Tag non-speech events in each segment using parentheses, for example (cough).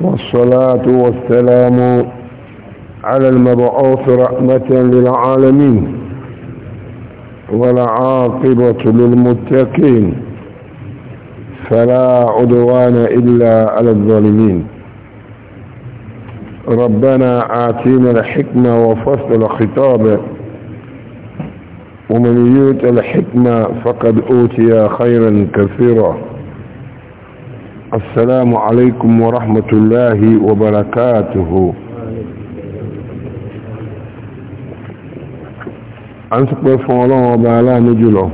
والصلاة والسلام على المبعوث رحمة للعالمين والعاقبة للمتقين فلا عدوان إلا على الظالمين ربنا آتينا الحكمة وفصل الخطاب ومن يؤت الحكمة فقد أوتي خيرا كثيرا السلام عليكم ورحمة الله وبركاته أنت قلت فعلان وبعلان نجلو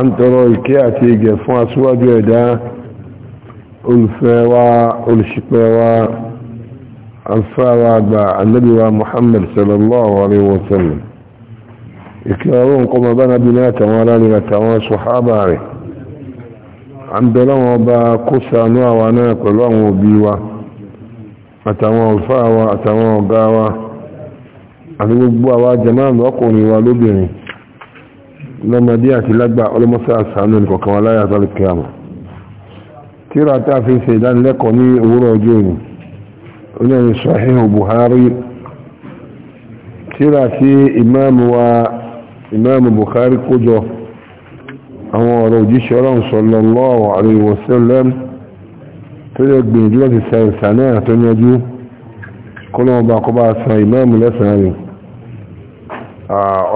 أنت رأي كياتي قلت فعلان وبعلان ألفاوى ألشقاوى ألفاوى النبي محمد صلى الله عليه وسلم إكلارون بنا بناتا ولا لنا صحابه àbẹ̀lọ́wọ́ ọba kó sànú àwa náà pẹ̀lú àwọn òbí wa àtàwọn ọ̀fà wa àtàwọn ọ̀gá wa àti gbogbo àwa jẹmáàlù ọkùnrin wa lóbìnrin lọ́mọdé àti lágbà ọlọ́mọsá sànú nìkọ̀kan wa láyà sálẹ̀ kíyàmà tíra tá a fi ṣe ìdánilẹ́kọ̀ọ́ ní òwúrọ̀ àwọn ọ̀rọ̀ òjíṣẹ́ ọlọ́run sallallahu alaihi wasallam tó yẹ gbìyànjú láti sa ìsànà àtọ́nyẹjú kọ́lọ́mọba kọba san ìmáàmù lẹ́sàn-án rẹ̀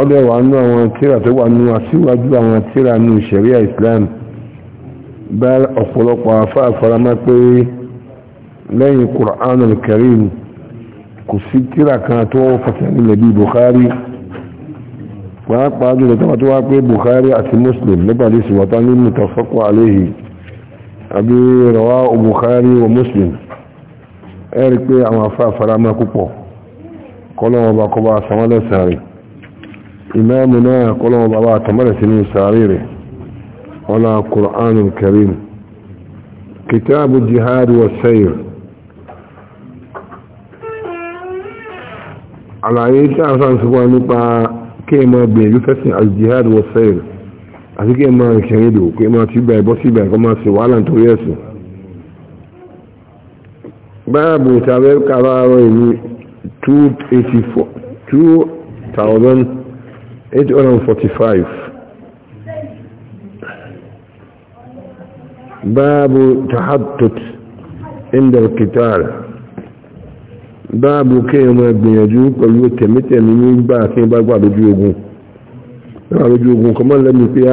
ọdẹ wà nú àwọn tíra tó wà nú àsíwájú àwọn tíra nú ṣẹ̀ríà Islam bá ọ̀pọ̀lọpọ̀ afáàfaramá pé lẹ́yìn Qur'an al kò sí tíra kan tó fọ́sẹ̀ nílẹ̀ bí Bukhari pàápàá jùlọ tó wá pé Bukhari àti Muslim lọ́pàdé sí wọ́ta ní mutafakwa aléhì àbí rọwá Bukhari wa Muslim ẹ̀rí pé àwọn afá faramá púpọ̀ kọlọ́wọ́ba kọba samalẹ̀ sáré imáàmù náà kọlọ́wọ́ba bá tamalẹ̀ sínú sáré rẹ̀ wọ́n Qur'anul Karim kitabu jihad wa sayr àlàyé tí a sàn kí ẹ máa gbìyànjú fẹ́sìn aljihad wọ sẹ́yìn àti kí ẹ máa ṣẹ̀yìn lò kí ẹ máa ti gbà ẹ̀bọ́ sí ìgbà máa ṣe wàhálà nítorí ẹ̀sìn. báàbù tàbẹ́ kára ọ̀rọ̀ ìlú two eighty four two thousand eight hundred forty five. باب تحدث عند القتال báàbù kéèyàn máa gbìyànjú pẹ̀lú tẹ̀mítẹ̀mí nígbà tí wọ́n bá gbà lójú ogun nígbà lójú ogun kọ́ mọ́ lẹ́nu pé à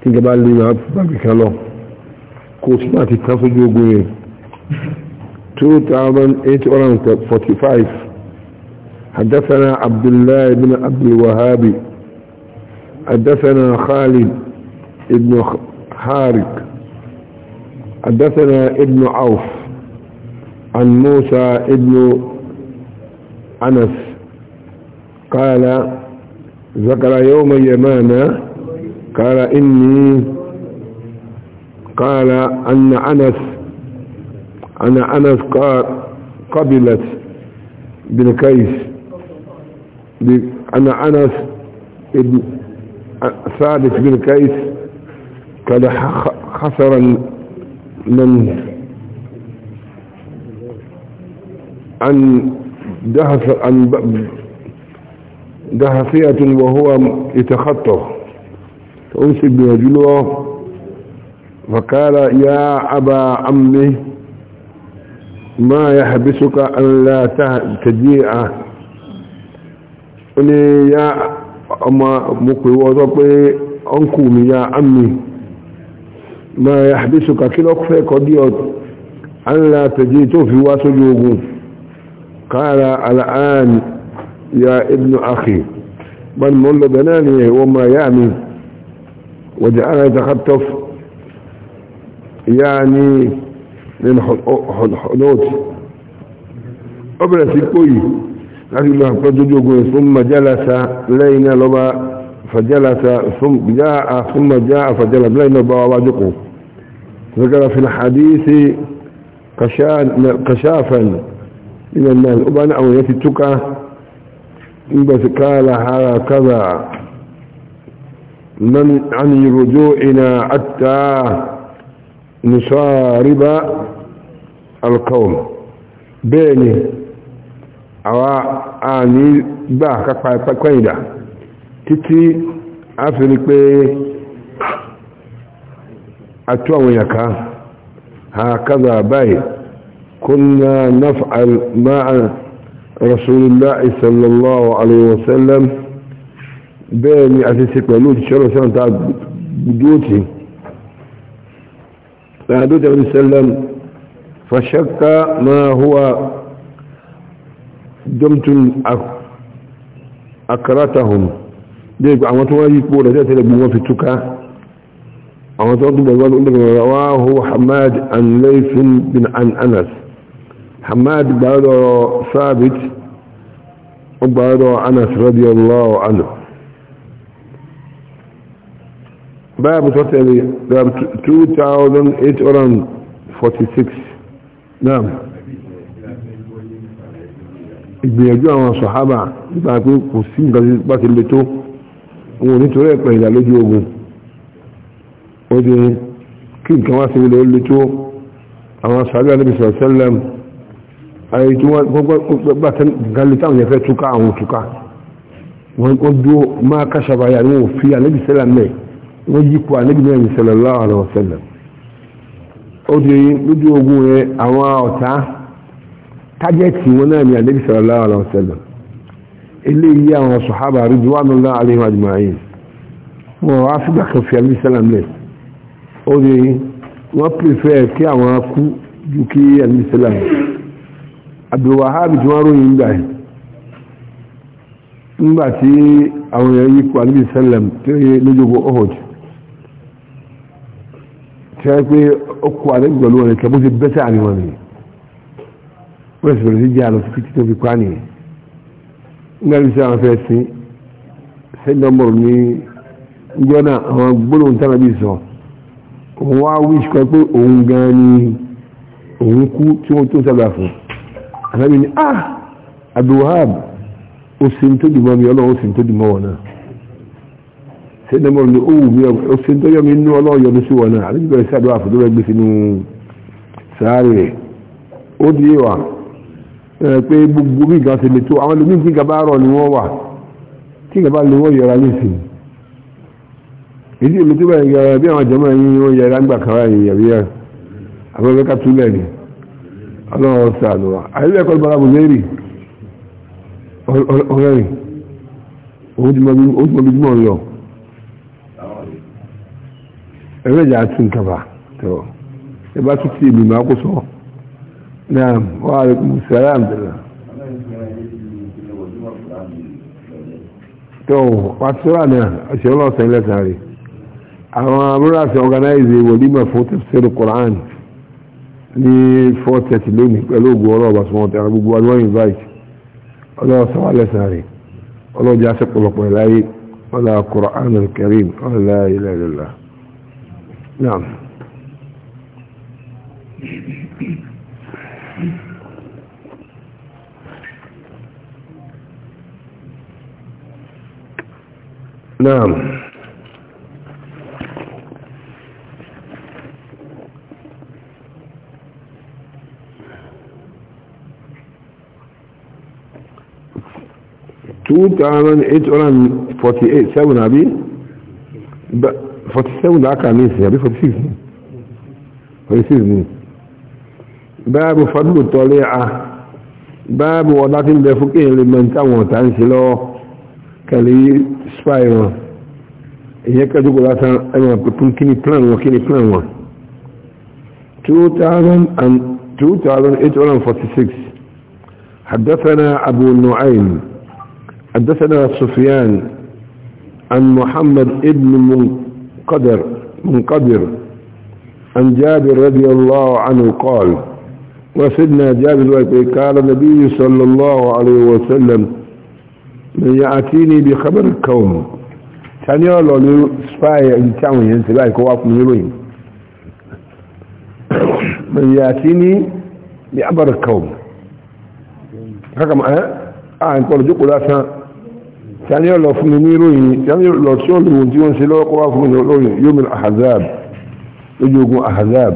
kí n gaba lè máa bàbí kan lọ kó tí máa ti kan sójú ogun yẹn 2845 حدثنا عبد الله بن عبد الوهاب حدثنا خالد بن حارق حدثنا ابن عوف عن موسى ابن أنس قال ذكر يوم يمانا قال إني قال أن أنس أن أنس قال قبلت بن كيس أن أنس ابن ثابت بن كيس قد خسر من عن دهس عن دهسية وهو يتخطف فأمسك برجله فقال يا أبا عمي ما يحبسك أن لا تجيء قل يا أما مكوي وضبي أنكم يا أمي ما يحبسك كل أكفي قدير أن لا تجيء في واسجوه قال الآن يا ابن أخي من مل بناني وما يعني وجعل يتخطف يعني من حدود أبرس كوي لكن الله قد ثم جلس لين لبا فجلس ثم جاء ثم جاء فجلس لين لبا وواجقه ذكر في الحديث قشافا ilẹ̀ náà ó bá ní àwọn èèyàn ti túká nígbàtí káàlà ara kábà عن رجوعنا حتى نصارب القوم بيني àwa a ní gbà kápá kọ́ìdà títí a fi rí a tó àwọn ha kázà báyìí كنا نفعل مع رسول الله صلى الله عليه وسلم بين أتسك ولود شر سنة بجوتي بدوتي فهدوت عليه السلام فشك ما هو دمت أكرتهم ديك عمتوا يكبر ذات لبوا في التكا عمتوا ضد الوالد رواه حماد عن ليث بن عن أنس hamad gbàdọ̀ ثابت ó gbàdọ̀ رضي الله عنه. باب tó tẹ̀lé 2846 náà ìgbìyànjú àwọn sọ̀hábà nípa pé kò sí nǹkan tí bá ti le tó wọn ò nítorí ẹ̀pẹ̀ ìyà lójú ogun ó di kí nǹkan wá sí ilẹ̀ ó le tó àwọn sàárẹ̀ alẹ́bìsọ̀ sẹ́lẹ̀mù àyè tí wọ́n gbọ́gbọ́gbà gálí táwọn yẹn fẹ́ túká àwọn òtúká wọ́n kọ́ dúó máa káṣàbà yà ní òfí ànábì sẹ́là mẹ́ wọ́n yípo ànábì mẹ́rin sẹ́là láàrọ̀ sẹ́lẹ̀ ó di lójú ogun rẹ̀ àwọn ọ̀tá tájẹ́tì wọn náà ní ànábì sẹ́là láàrọ̀ sẹ́lẹ̀ eléyìí àwọn sọ̀hábà rí ju wánú náà àlẹ́ ìwádìí máa yìí wọ́n wá fúgbà kan fi abdulwahab tí wọ́n ròyìn gbà yìí nígbà tí àwọn èèyàn yípo alibi sallam tí ó yẹ lójógbò ohud tí wọ́n pé ọkọ̀ àdẹ́gbẹ̀lú wọn kẹ́ bó ti bẹ́tẹ̀ àmì wọn nìyí wọ́n sì bẹ̀rẹ̀ sí jẹ́ àlọ́ títí tó fi pa nìyí nígbà tí wọ́n fẹ́ sí sẹ́gbẹ̀mọ̀rọ̀ ní ìjọ náà àwọn gbólóhùn tánà bí sọ òun wá wíṣ kan pé òun gan ni òun kú tí wọ́n tó sábà fún un àtàbí ni ah abdulwahab ó se ń tó dùmọ́ mi ọlọ́run ó se ń tó dùmọ́ wọn náà ṣé ní ọmọ ní owó mi ó se ń tó yọ mi nínú ọlọ́run yọ mi sí wọn náà àbí bẹ̀rẹ̀ sí àdúrà fún tó bẹ́ẹ̀ gbé sínú sáré rẹ̀ ó di wà pé gbogbo bí nǹkan ṣe lè tó àwọn ẹlòmíín tí nǹkan bá ni wọ́n wà tí nǹkan bá lè yọra nísìn èdè ìlú tó bá yẹra bí àwọn jọmọ yìí wọ́n yẹra ńgbà kan báyìí àbí àbẹ́fẹ́ ká túlẹ̀ ni ọlọ́run ọ̀sẹ̀ àlùwà àyílẹ̀ ẹ̀kọ́ ìbára bùzẹ́rì ọ̀rẹ́rìn òun ti mọ bí mọ̀ lọ ẹ̀rẹ́ ìjà tún kaba tọ́ ẹ bá tún ti èmi máa kó sọ náà wà á rẹ̀kùn sẹ́rà àmìlà tọ́ wà sọ́rà náà ọ̀sẹ̀ ọlọ́sẹ̀ ilẹ̀ sáré àwọn amúrasẹ̀ organize wòlímọ̀ fún tẹ̀síṣẹ́ Kùránì ní 4:30 lónìí pẹ̀lú ògùn ọlọ́run ọba sọmọ tẹ̀ra gbogbo wa ni wọ́n invite ọlọ́run sọ wà rẹ̀ ọlọ́run jẹ́ àṣepọ̀lọpọ̀ ìláyé ọlá Qur'an al-Karim ọlá ilẹ̀ ìlẹ̀lá náà نعم 2848 7 àbí 47 láàkà ní ìsìn àbí 46 46 ní báàbù fadúlù tọ́lé à báàbù ọ̀dá tí ń bẹ fún kéèyàn lè mọ̀ táwọn ọ̀tá ń ṣe lọ́wọ́ kẹlẹ̀ spy wọn èyàn kẹjọ́gbọ́ lásán ẹwọ̀n pẹ̀pún kí ni plan wọn kí ni plan wọn 2846 حدثنا Abu النعيم حدثنا سفيان عن محمد ابن منقدر منقدر عن جابر رضي الله عنه قال وسيدنا جابر قال النبي صلى الله عليه وسلم من يأتيني بخبر الكون كان يقول له سبايا انتعوني انت بايك واقف من يلوين (coughs) من يأتيني بخبر الكون رقم اه اه انت قول جوكو لاسا tani yóò lọ fún mi ní ìròyìn tani yóò lọ tí ó lè wọ́n tí wọ́n ṣe lọ́wọ́ kó wá fún mi ní ìròyìn yóò mi ahazab lójú ogun ahazab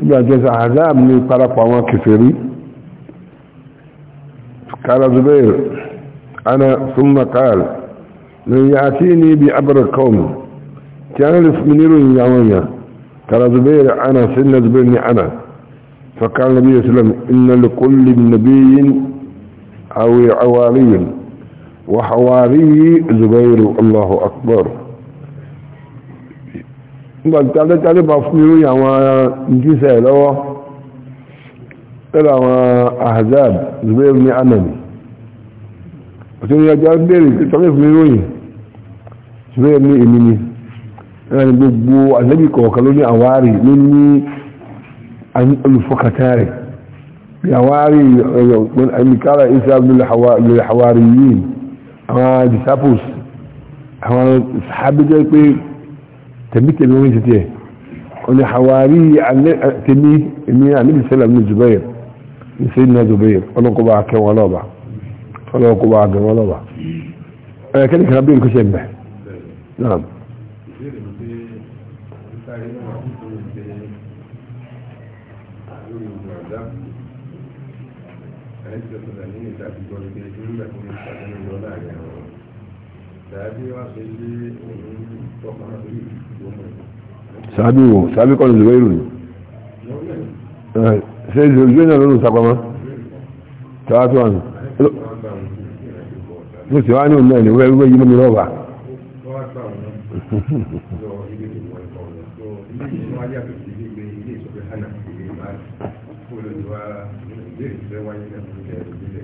nígbà tó ṣe ahazab ní parapọ̀ àwọn kẹfẹ́rí kala zubair ana summa kal lóyìn àti ní ibi abẹ́rẹ́ kọ́m tí a lè fún mi ní ìròyìn yàwọn yà kala zubair ana sinna zubair ni ana فقال النبي صلى الله عليه وسلم إن لكل نبي أو عوالي وحواري زبير الله أكبر بالتالي تالي بفنيرو يا ما نجيس إلو إلا ما أحزاب زبير من أمني وشين يجعل ديري تالي فنيرو زبير من أمني أنا ببو النبي كوكلوني أواري مني أن الفكتاري يا واري من أمكالا إسا من الحواريين الحوار àwọn disciples àwọn sahabi jẹ́ pé tẹ̀mítẹ̀mí wọ́n ti tẹ̀ hawari tẹ̀mí sẹ́lẹ̀ ní ní sẹ́yìn náà ọlọ́kọba lọ́ba ọlọ́kọba lọ́ba ẹ̀kẹ́ni kan bí mẹ́ náà sàbí wo sàbí kọ́ni lórí ìròyìn ṣe ìròyìn náà lórí ìsàpamọ́ tààtù àná mo sì wá ní òun náà ní wẹ́ẹ́ wẹ́ẹ́ yí mọ́ mi lọ́wọ́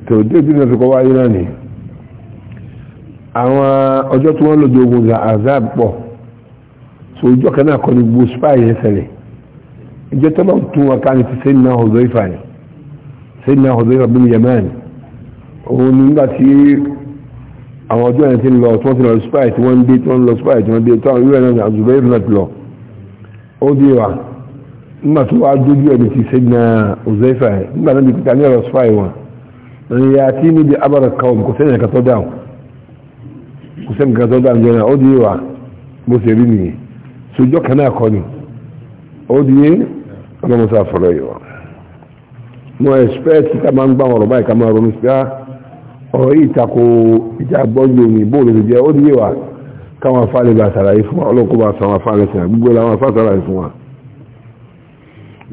tòdé bí wọ́n fi kọ́ wáyé náà nìyí. àwọn ọjọ́ tí wọ́n lòdì ogun azab pọ̀ so ìjọ kan náà kọ́ spai gbogbo spy yẹn ṣẹlẹ̀ ìjọ tó tún wọn ká ní ti sẹ́yìn náà ọ̀dọ́ ìfà ni sẹ́yìn náà ọ̀dọ́ ìfà bí mi yẹmẹ́ òun ni nígbà tí àwọn ọjọ́ yẹn ti lọ tí lọ spy tí wọ́n ń tí wọ́n lọ spy tí wọ́n tí wọ́n náà àzùbẹ́ ìfà náà ti lọ ó kò sẹ́ni kan tó dá ǹjẹ́ náà ó di wa mo sì rí nìyẹn sojọ́ kan náà kọ́ ni ó di yé ọlọ́mọsá fọlọ́ yìí wa mo expect ká máa ń gbá ọ̀rọ̀ báyìí ká máa ronú sí ah, ọ̀rọ̀ yìí tako ìjà gbọ́jú omi bóòlù ti jẹ́ ó di yé wa káwọn afáàlẹ̀ bá sàlàyé fún wa ọlọ́kọ́ bá sọ àwọn afáàlẹ̀ sàn gbogbo làwọn afáà sàlàyé fún wa.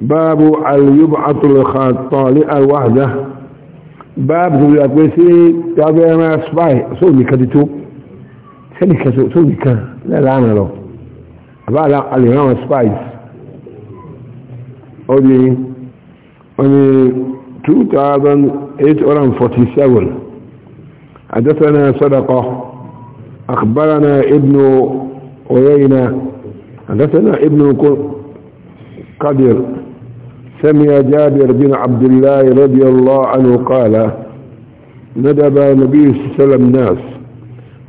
báàbù àlùyọ́bù àtọ̀lẹ̀kàn sẹ́nìkẹ́ tó nìkan lẹ́láàrin lọ àbáàlá alìrànwọ̀ spice ó 2847 حدثنا صدقة أخبرنا ابن عيينة حدثنا ابن قدر سمع جابر بن عبد الله رضي الله عنه قال ندب النبي صلى الله عليه وسلم ناس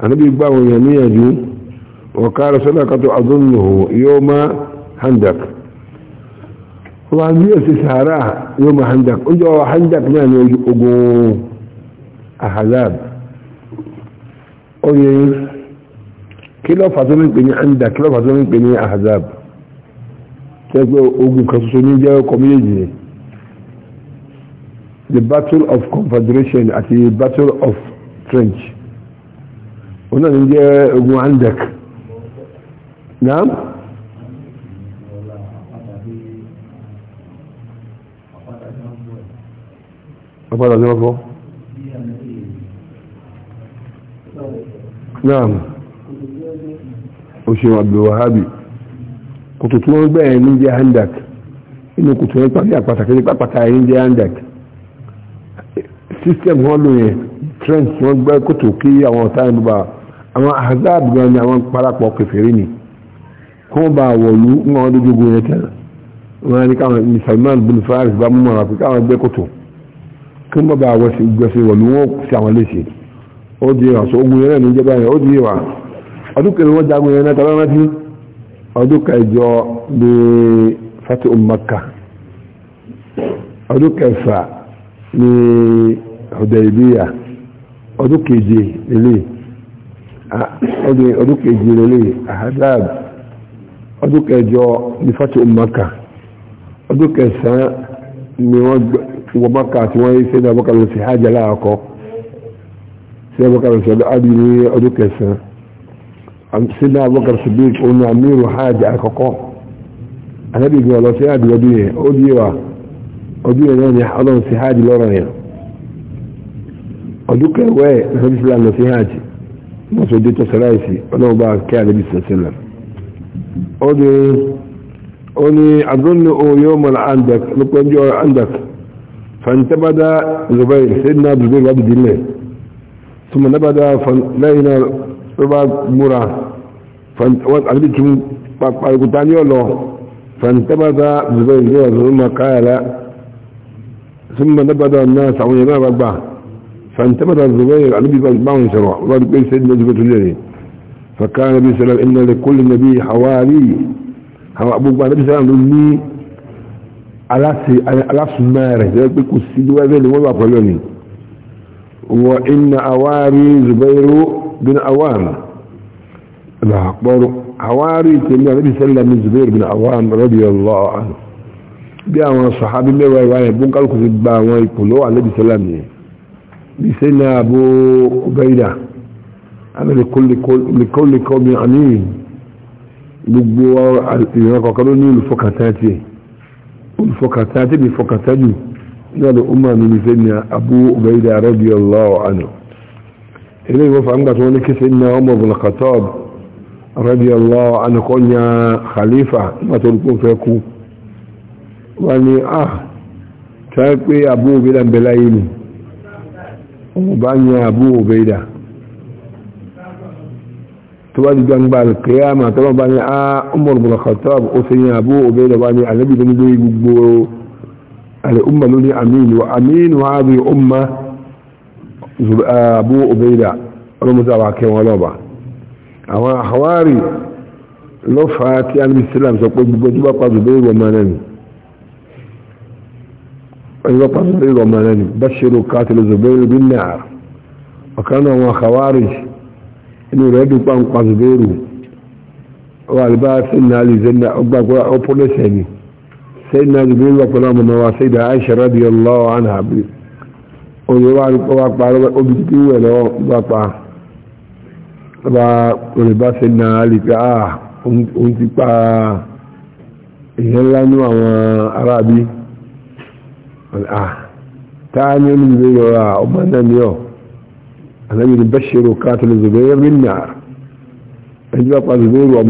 anabi gba àwọn èèyàn níyànjú ọ̀kára sọ́dọ̀kátọ̀ azúnnùhù yóò má handak wọ́n bí ẹ̀sì sàárà yóò má handak ó jọ handak náà ní ogun ahazab oye kí lọ fàtó ní pè ní handak kí lọ fàtó ní pè ní ahazab tẹ́gbẹ́ ogun kan ní jẹ́ ọkọ̀ the battle of confederation àti battle of trench ona ni jẹ́ ogun andak naam apada ni ọfọ naam òṣèwọ̀n abdulwahabi kòtò tí wọ́n gbẹ̀rẹ̀ ní jẹ́ andak inú kòtò yẹn pàtàkì àpàtàkì ya pàpàtà yẹn jẹ́ andak system ya lò yẹn trends àwọn ahzab gan ni àwọn parapọ̀ kẹfẹ́rí ni kó bá wọ̀lú ńgbà wọn dójú ogun yẹn tẹ́ wọn ni káwọn ní Salman bin Faris bá mú mọ́ra pé káwọn gbé kòtò kí wọ́n bá wọ́n gbẹ̀sẹ̀ wọ̀lú wọn sí àwọn léṣe ó di wà sọ ogun yẹn náà ní ìjọba yẹn ó di wà ọdún kẹrin wọn jagun yẹn náà tọ́lá rántí ọdún kẹjọ ní fati umaka ọdún kẹfà ní Hudaybiya ọdún keje nílé ọdún ọdún kejì lélẹ̀ ahadab ọdún kẹjọ ní fatu maka ọdún kẹsàn-án ni wọ́n wọ maka tí wọ́n ṣe ní abọ́kàlù sí hajj aláàkọ́ sí abọ́kàlù sí adi ní ọdún kẹsàn-án sí ní abọ́kàlù sí bíi òun àmírù hajj àkọ́kọ́ àtẹ́bí gbọ́n lọ sí hajj lọ́dún yẹn ó di wa ọdún yẹn náà ni ọlọ́run sí hajj lọ́rọ̀ yẹn ọdún kẹwẹ́ lọ sí hajj mọ̀sọ̀dé tó sẹ́láìsì ọlọ́ọ̀bá kí àlébí sẹ́sẹ́lẹ̀ ó ní àdúnnà oyó mọ̀lá andak lópẹ́jọ́ andak fantabada zubair sẹ́dínà zubair wà dìdílẹ̀ túnmọ̀ nábàdá lẹ́yìn rọ́bà múra àbí tún pàrùkúta ní ọ̀lọ́ fantabada zubair yóò zùmọ̀ káyàlá túnmọ̀ nábàdá náà فانتبه الزبير على النبي بعض شرع الله يعني بن سيدنا زبير الجري فكان النبي صلى إن لكل نبي حوالي هو أبو بكر النبي صلى الله عليه على سي يعني على سماره يقول كسيد وإن أواري زبير بن أوام الله أكبر حواري النبي صلى الله عليه وسلم زبير بن أوام رضي الله عنه بيعوا الصحابي ما يبون قالوا كذبا ويقولوا على النبي صلى الله عليه وسلم بسيدنا أبو عبيدة أنا لكل لكل قوم أمين gbogbo ìran kọ̀ọ̀kan ló ní olùfọkàntàtì olùfọkàntàtì bí fọkàntàjù náà ló ọmọ mi ní sẹ́ni Abu Ubaida radiyallahu anhu ilé ìwọ́fà ń gbà tí wọ́n ní kíse ní ọmọ Ibn Khattab radiyallahu anhu kọ́ ní khalifa nígbà tó lùkún fẹ́ kú wọ́n ní ah tí wọ́n pé Abu Ubaida ń bẹ láyé ni bá yan Abu Ubaida tó bá di gbangba alkiyama tó bá ní a ah, Umar bin Khattab ó sì yan Abu Ubaida bá ní alábi tó ní lórí gbogbo al'umma lórí aminu aminu ha zai umma Abu Ubaida ọlọ́mọdé wa kẹwọn lọ́ba àwọn àwárí lọ́fà tí alìsílám sọ pé gbogbo tó bá pa Zubairu ọmọ náà أيضا تصري ضمانني بشروا قاتل الزبير بالنار وكان هو خوارج إنه ريدوا بأنقى زبيره والباس إنها لزنة أبقى أبوليسيني سيدنا جبريل وقلام النواسيد عائشة رضي الله عنها ويوعد واقع وبيتي ولا واقع ba olùbá sẹ́nà alìpẹ́ àà oun ti pa ìyẹn ńlá ní àwọn arábí آه. تاني الزبير يا أمنا اليوم النبي يبشر قاتل الزبير بالنار الزبير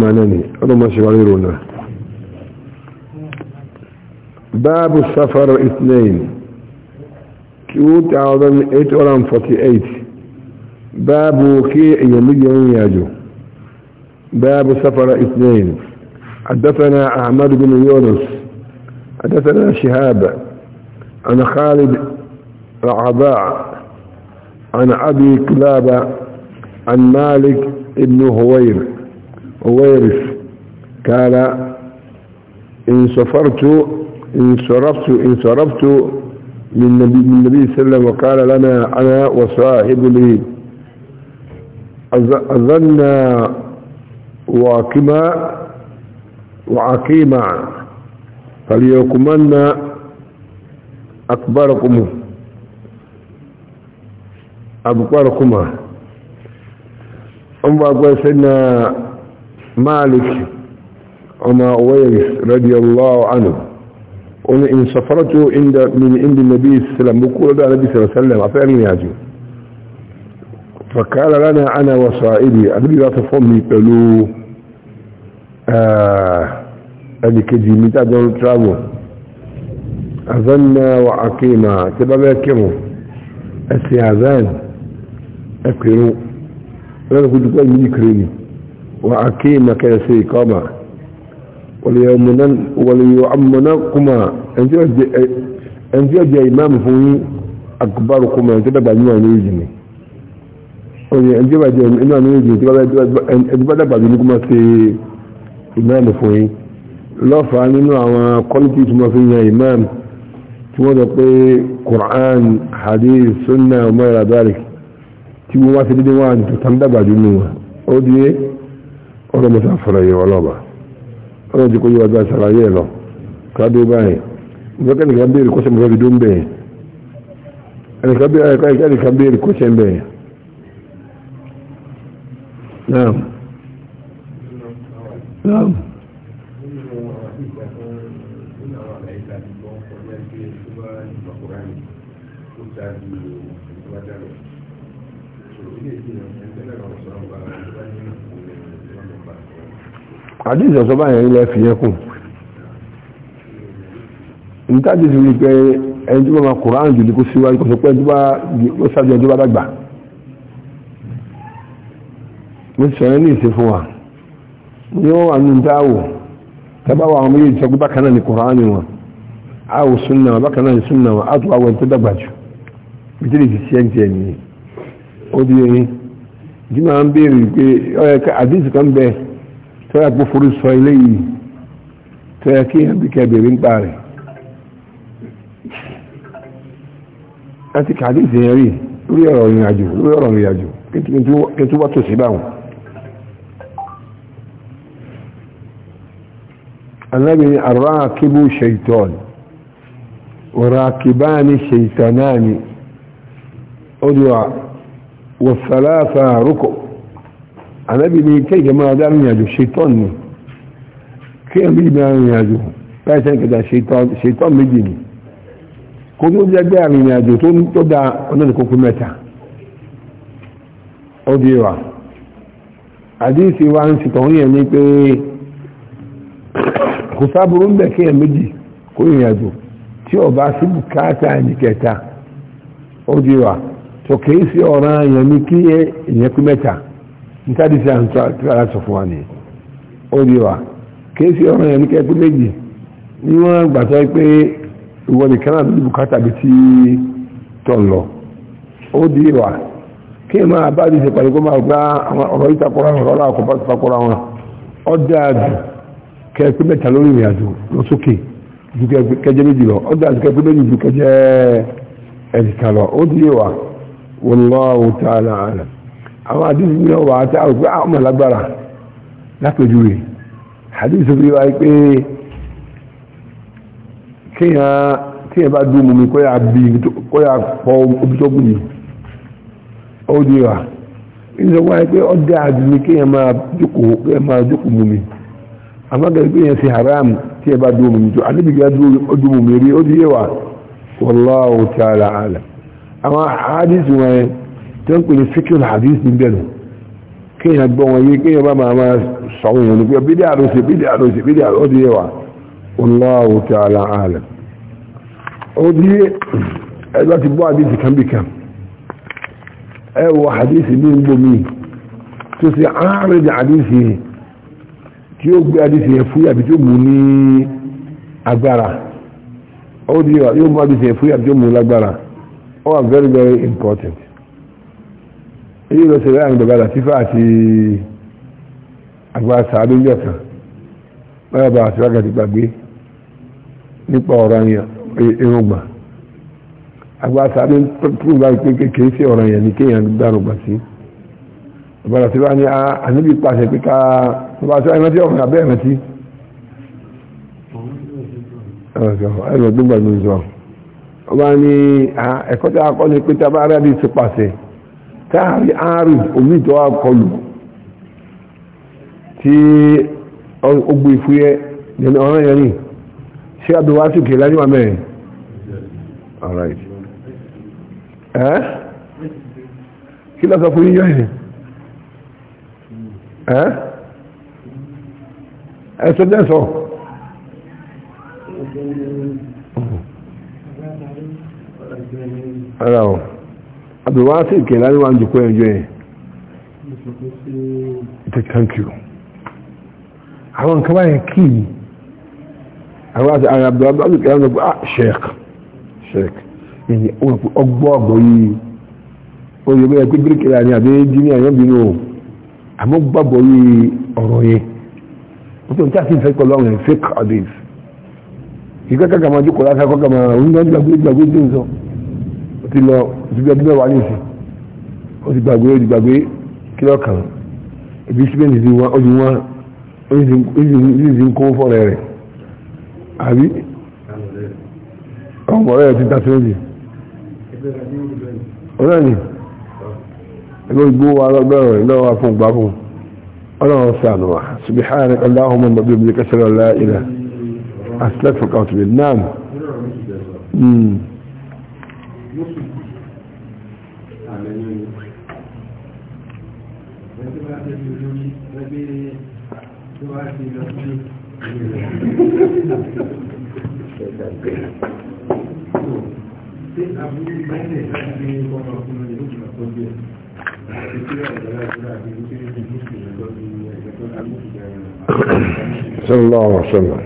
باب السفر اثنين كيوت عوضاً 848 باب كي يمجعون ياجو باب سفر اثنين حدثنا أحمد بن يونس حدثنا شهاب عن خالد العباء عن أبي كلابة عن مالك ابن هوير هويرس قال إن سفرت إن صرفت إن صرفت من النبي من النبي صلى الله عليه وسلم وقال لنا أنا وصاحب لي أظن واقما وعقيما فليكمن akbarakum abqarakuma an ba gwa sanna malik وما أويس رضي الله عنه قل إن سفرته عند من عند النبي صلى الله عليه وسلم بقول ده النبي صلى الله عليه وسلم أفعلني ياجي فقال لنا أنا وصائبي أدري لا تفهمني قالوا أدي كجي متى دول ترابو أذنا وأقيما تبقى بيكمو أسي أذان أكرو لأنه كنت قوي يكرني وأقيما كيسي قاما وليؤمنن وليؤمنكما أنجو جاء إمام فوني أكبركما تبقى بأنه يجني oye ẹjọ́ bàjẹ́ inú àmì ìjì tí wọ́n bá dàgbà bí nígbà ṣe ìmáàmù fún yín lọ́fàá nínú àwọn kọ́lítì tí wọ́n fi yan ìmáàmù tí wọ́n sọ pé Qur'an hadith sunna mọ́ra dalik tí wọ́n wá sí dídí wọn tó tán dàgbà jù nù wọn ó di ọ̀rọ̀ mọ́ta fọ̀rọ̀ yẹ wọn lọ́ba ọ̀rọ̀ ti kó yíwájú àṣàlàyé lọ kádó báyìí wọ́n kẹ́ni kan àdíjọ sọ báyẹn ilẹ̀ fi yẹn kù nítàdí sí wípé ẹni tí wọ́n máa kùrán jù ní kó síwájú kò sọ pé ó sáájú dàgbà mo sọ fún wa yóò wà ní dáwò tábà wà àwọn méjì sọ pé bákan náà ní kùrán wọn a ò súnà bákan náà ní a tó àwọn ẹni di ẹni ń béèrè pé kan bẹ́ẹ̀ tó yà gbóforú sọ ilé yìí tó yà kí ẹbí kẹbẹ̀rẹ̀ ń pa rẹ̀ láti kàdí ìsẹ̀yẹn rí lórí ọ̀rọ̀ ìrìn àjò lórí ọ̀rọ̀ ìrìn àjò kí tó wá tòsí báwọn anábì ni arákìbú ṣèitọ́n wàràkìbáni ṣèitọ́náni ó dùwà ànábì ni kéèké máa dá rìnrìn àjò ṣetán ni kéèké méjì da rìnrìn àjò láìsẹ́ ìkẹta ṣetán méjì ni kó tó jẹ́ gbé àrìnrìn àjò tó dá ọlọ́dẹ̀kókó mẹ́ta ó wa ń ṣetán yẹn ni pé kò sábúrú ń bẹ̀ ji ko kó rìnrìn ti o ba sí bukata ẹnìkẹta ó di wà tó kèé si ọ̀ràn yẹn ni kí ẹ̀yẹ́kú nítàdí sí àwọn tó ara sọ fún wa ní ó di wa kéèsì ọ̀rọ̀ yẹn ní kẹ́kẹ́ méjì ní wọ́n gbà sọ pé ìwọ nìkan náà lójú bùkátà bí tí tọ̀ lọ ó di wa kí ẹ máa bá di ṣe pàdé kó máa gba àwọn ọ̀rọ̀ yìí takora wọn ọ̀rọ̀ àkọ́bá ti takora wọn ó dáa jù kẹ́kẹ́ mẹ́ta lórí ìrìn àjò lọ sókè ju kẹjẹ méjì lọ ó dáa jù kẹ́kẹ́ méjì ju kẹjẹ ẹ̀ẹ̀dìkan lọ ó di wa wallahu ta'ala alam àwọn àdúgbò ní ọwọ́ àti àwọn òpin àwọn ọmọlágbára lápẹjúwe àdúgbò fi wáyé pé kíyàn bá dùn mọ́mí kọ́ yà bí kọ́ yà omi tó gùn ó di wà nígbà wáyé pé ọdẹ àdúgbò kíyàn máa jókòó kíyàn máa jókòó mumi àmọ́gẹ̀rẹ́ pé yẹn sí haram tí ẹ bá dùn mọ́mí tó àdébìgbà dùn mọ́mí rí ó di wà wallahu ta'ala àwọn don ń pè ní fíkìl hadith ní bẹ̀rù kéèyàn gbọ́ wọn yé bá máa máa sọ̀rọ̀ yẹn nípa bídí àròsè bídí àròsè bídí àròsè yẹwà Allahu ta'ala alam ó dí ẹgbẹ́ ti bọ́ hadith kan bi kan hadith ní gbomi tó ṣe ààrẹ hadith tí ó gbé hadith fúyà bí tó mú ní agbára ó dí yóò mú hadith fúyà bí tó mú lágbára ilé lọ sí láàrin bàbá làtífà àti àgbà sàádó yọ̀ kan báyọ̀ bá àti wákàtí gbàgbé nípa ọ̀rọ̀ irungba àgbà sàádó tún bá pé kékeré sí ọ̀rọ̀ yẹn ni kéèyàn dárò gbà sí bàbá làtífà ní ah, àníbi pàṣẹ pé ká bàbá àti wákàtí rántí ọ̀rọ̀ abẹ́ rántí ẹ̀rọ gbígbà ló ń sọ ọba ní ah, táàrí àárín omi tó wá kọlù tí ogbò ìfúyẹ́ nínú ọ̀rán yẹn ní ṣe àbíwá sí kìí lájú àmẹ́ alright ẹ́ kí lọ́sọ fún yíyọ́ ẹ̀ ẹ́ ẹ̀sọ́ dẹ́sọ́ ara abdulwasi kela ni wa ń jòkó ẹjọ́ yẹn thank you àwọn nǹkan báyẹn kí ni àwọn àti àwọn abdulwasi kela ni wa sheik sheik yìí ọgbọ́ ọgbọ́ yìí oyè bẹ́ẹ̀ pé bíríkìlà ni àbí jíníà yẹn bínú o àmọ́ gbàgbọ́ yìí ọ̀rọ̀ yẹn wọ́n tó ń tí a ti fẹ́ pẹ̀lú àwọn ẹ̀ fake adis ìgbẹ́kẹ̀kẹ̀ máa jókòó lásán kọ́kẹ́ máa ń gbàgbé gbàgbé tó sọ ti lọ ìdíbí ọdún mẹ́wàá ní ìsìn ó ti gbàgbé ó ti gbàgbé kílọ̀ kan ibi síbẹ̀ ní ti wá ó ti wá ó ti ń kó fọ́ọ̀rẹ́ rẹ̀ àbí ọmọ rẹ̀ ti ta sẹ́yìn ọ̀rẹ́ ni ẹgbẹ́ ìgbó wa lọ́gbẹ̀rẹ̀ lọ́wọ́ fún gbàgbọ́n ọlọ́run sànù wa subhanaka allahumma mọ̀bí omi kẹsàn-án la ilaha أسلفك أو تبيل نعم صلى الله عليه وسلم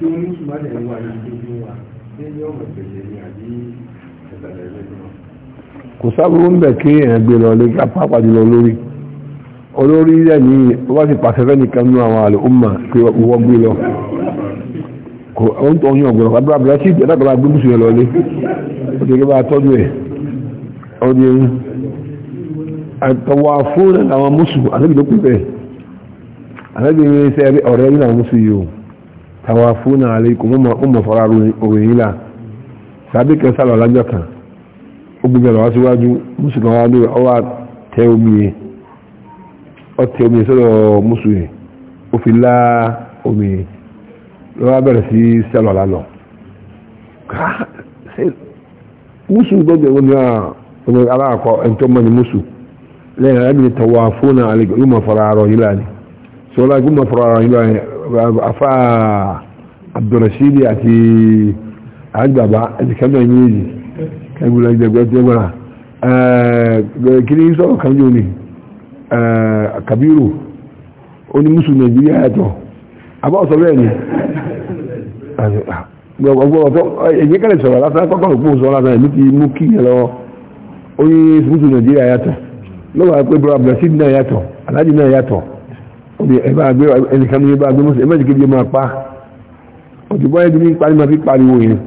Tí ó ní ṣùgbọ́n ẹ̀wà ìgbésí wa, tí ó ní ọmọ ìgbésí ni àbí ẹ̀bẹ̀rẹ̀ ẹ̀lẹ́gbẹ̀rẹ̀ kò sábúrú ń bẹ̀ kí èèyàn gbé lọ lé pápá jùlọ lórí olórí rẹ̀ ní wọ́n ti pàṣẹ fẹ́ nìkan nú àwọn àlè ọmọ pé wọ́n gbé lọ kò ń tọ́ yín ọ̀gbọ̀n àbúrò àbúrò sí ìjọba kan gbé bùsùn yẹn lọ lé ó ti gbé tọ́jú ẹ̀ ó di ẹ̀yìn àtọwà fún àwọn mùsùn àtẹ́bí ló kú àtẹ́bí ní sẹ́ ọ̀rẹ́ yín àwọn mùsùn yìí o tàwà fún àlè kò mọ̀ fọ́ra òròyìn ogun bẹ̀rẹ̀ wá síwájú mùsùlùmí wá lórí ọwá tẹ omi yẹn ọtẹ omi sọ́dọ̀ mùsùlùmí ó fi lá omi yẹn lọ́wọ́ bẹ̀rẹ̀ sí sẹ́lọ̀ lálọ́ mùsùlùmí gbọ́dọ̀ wọn ni ọmọ aláàkọ ẹ̀ńtọ́ mọ́ ni mùsù lẹ́yìn arábìnrin tọwọ́ fún àlejò yóò mọ̀ fọ́ra arọ yìí lánìí sọ́lá yóò mọ̀ fọ́ra arọ yìí lánìí afá abdulrasidi àti àgbàbá ẹ̀dìkan náà yéèyì ẹgbẹ̀rẹ̀ ìjẹgbẹ̀ tí ó gbọ́ra kìí sọ́rọ̀ kan yóò ní kàbírù ó ní mùsùn nàìjíríà ẹ̀tọ́ abọ́ọ̀sọ bẹ́ẹ̀ ni ẹ̀yẹ kẹ́lẹ̀ sọ̀rọ̀ lásán kọ́kọ́ òpó sọ lásán èmi ti mú kí yẹn lọ́wọ́ ó ní mùsùn nàìjíríà yàtọ̀ lọ́wọ́ àpé bọ́ra brazil náà yàtọ̀ aláàjì náà yàtọ̀ ẹnìkan ní bá gbé mọ́sẹ̀ ẹmẹ́jì kébí máa pa òtùbọ́ ẹni ní pariwo yẹn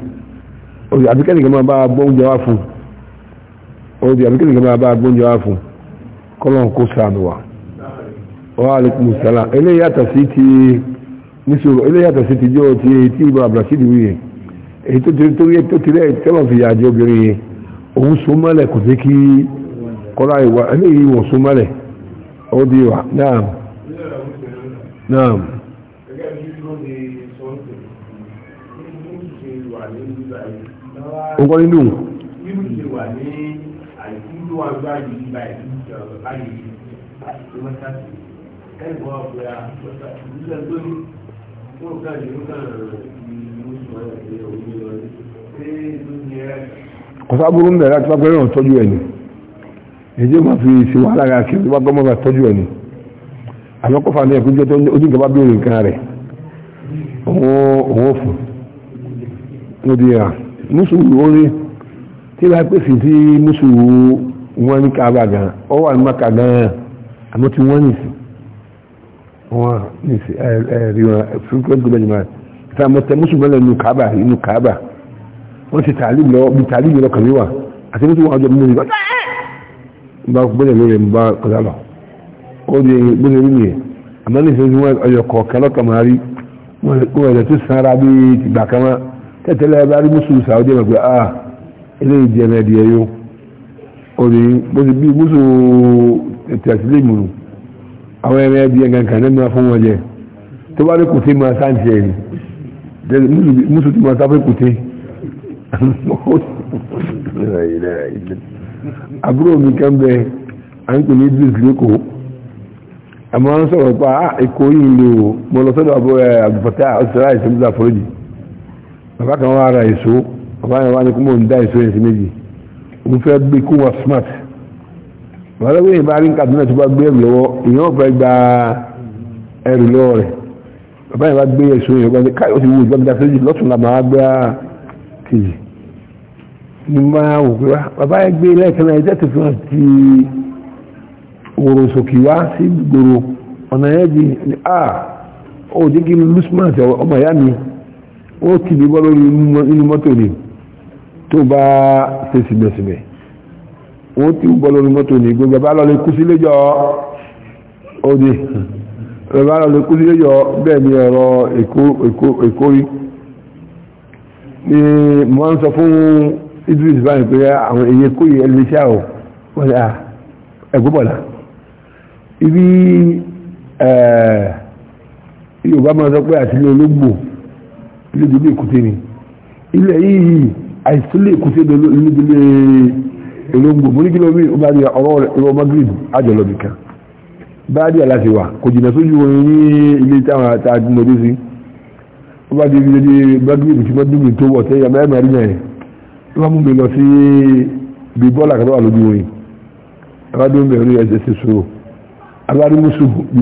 òdì àbíkẹ́lì kan máa bá gbóúnjẹ wá fún òdì àbíkẹ́lì kan máa bá wá fún kó sàánù wa eléyìí yàtọ̀ sí ti níṣòro eléyìí yàtọ̀ sí ti jọ́ ti tí èyí tó ti tó ti rẹ̀ tẹ́lọ̀ fi yà jẹ́ obìnrin yẹn òun so mọ́lẹ̀ kò sí kí kọ́lá ìwà so mọ́lẹ̀ wa naam ń kọ́ nínú. nínú ṣe wà ní àìsílò àgbà yìí bá ìdíje ọ̀rọ̀ báyìí ní mọ́sáàtì kẹ́kọ̀ọ́ ọ̀pẹ́ àtúntà ìdílé tó ní fún ọ̀gá ìlú kan kọsá burú ń bẹ̀rẹ̀ àtúntà pẹ̀lú ìtọ́jú ẹ̀ ni èyí máa fi ṣe wàhálà rẹ̀ kí wọ́n gbọ́mọ́ bá tọ́jú ẹ̀ ni àmọ́ kọ́fà ní ẹ̀kú jẹ́ tó ojú ìjọba bí òrìǹkan rẹ̀ òun òun fún ó di ẹ̀hàn mùsùlùmí ó rí tí bá pèsè tí mùsùlùmí wọ́n ní káàbà gan ọ wà ní maka gan àmọ́ tí wọ́n nìsí wọ́n nìsí ẹ̀rí wọn frequent government man ìta mọ́ tẹ mùsùlùmí lẹ́nu inú káàbà inú káàbà wọ́n ti tààlì lọ bí tààlì lọ kàmí wà àti mùsùlùmí wọn jọ mú mi bá gbọ́dọ̀ lórí mi bá kọjá lọ ó di gbọ́dọ̀ rí mi àmọ́ nìsí wọn ọyọ̀ kọ̀ọ̀kẹ́ lọ́kàn máa rí wọn ẹ̀rẹ̀ tó sanra bí tìgbà kan máa tẹ́tẹ́lẹ́ bá rí mùsùlùmí sàwọ́dí ẹ̀mọ̀ pé ah ilé ìjẹmẹ̀ ẹ̀dìẹ̀ yó obìnrin bó ti bí mùsùlùmí tẹ̀sílẹ̀ mùnú àwọn ẹ̀mẹ̀ ẹ̀dìẹ̀ kankan nínú fún wọn jẹ tó bá rí kùtì máa sáǹtì ẹ̀rì mùsùlùmí máa sáfẹ́ kùtì àbúrò mi kan bẹ à ń pè ní idris lẹ́kọ̀ọ́ àmọ́ wọ́n sọ̀rọ̀ pa ah, èkó yìí lè wò lọ sọ́dọ̀ àbúrò àbùfọ́tà ọ̀sẹ̀ láì bàbá kan wá ra èso bàbá yẹn wá ní kúmọ̀ ń dá èso yẹn sí méjì ń fẹ́ gbé kó wá smart bàbá lọ́wọ́ yẹn bá rí Kaduna tó bá gbé ẹrù lọ́wọ́ èèyàn fẹ́ gba ẹrù lọ́wọ́ rẹ̀ bàbá yẹn bá gbé èso yẹn gbọ́dọ̀ káyọ̀ ti wù ú gbọ́dọ̀ fẹ́ lọ́tún làmà á gbá kejì ní máa wò pé bàbá yẹn gbé lẹ́ẹ̀kan náà ẹ̀jẹ̀ tó fi hàn ti wòrò sókè wá sí gbòòrò ọ̀nà yẹn di ah ó jẹ́ kí lùsùmọ̀ ọmọ ìyá mi ó ti bí lórí inú mọ́tò ni tó bá ṣe síbẹ̀síbẹ̀ ó ti bọ́ lórí mọ́tò ni gbogbo bá lọ lè kú sí léjọ́ òde bá lọ lè kú sí léjọ́ bẹ́ẹ̀ ni ọ̀rọ̀ èkó rí ni mo ń sọ fún Idris báyìí pé àwọn èyí kó yẹ ẹlẹ́ṣẹ́ ò wọ́n lè ibi eh, Yorùbá máa sọ pé àtìlẹ́ olóògbò ilé ìdílé èkúté ni ilé yìí àìsílé èkúté ilé ìdílé olóńgbò mo ní kí ló rí ọ̀rọ̀ ọ̀rọ̀ magrib àjọlọ́bì kan báyìí aláṣẹ wà kò jìnnà sójú wọn ní ilé táwọn àtàdínlọ́dé sí ọba di ilé magrib tí magrib tó wọ̀ sẹ́yìn àmọ́ ẹ̀mọ́ àríyàn yẹn ló bá mú mi lọ sí ibi bọ́ọ̀lù àkàtà wà lójú wọn yìí abádùn bẹ̀rẹ̀ ẹ̀ṣẹ̀ ṣe abádùn mùsùlùmí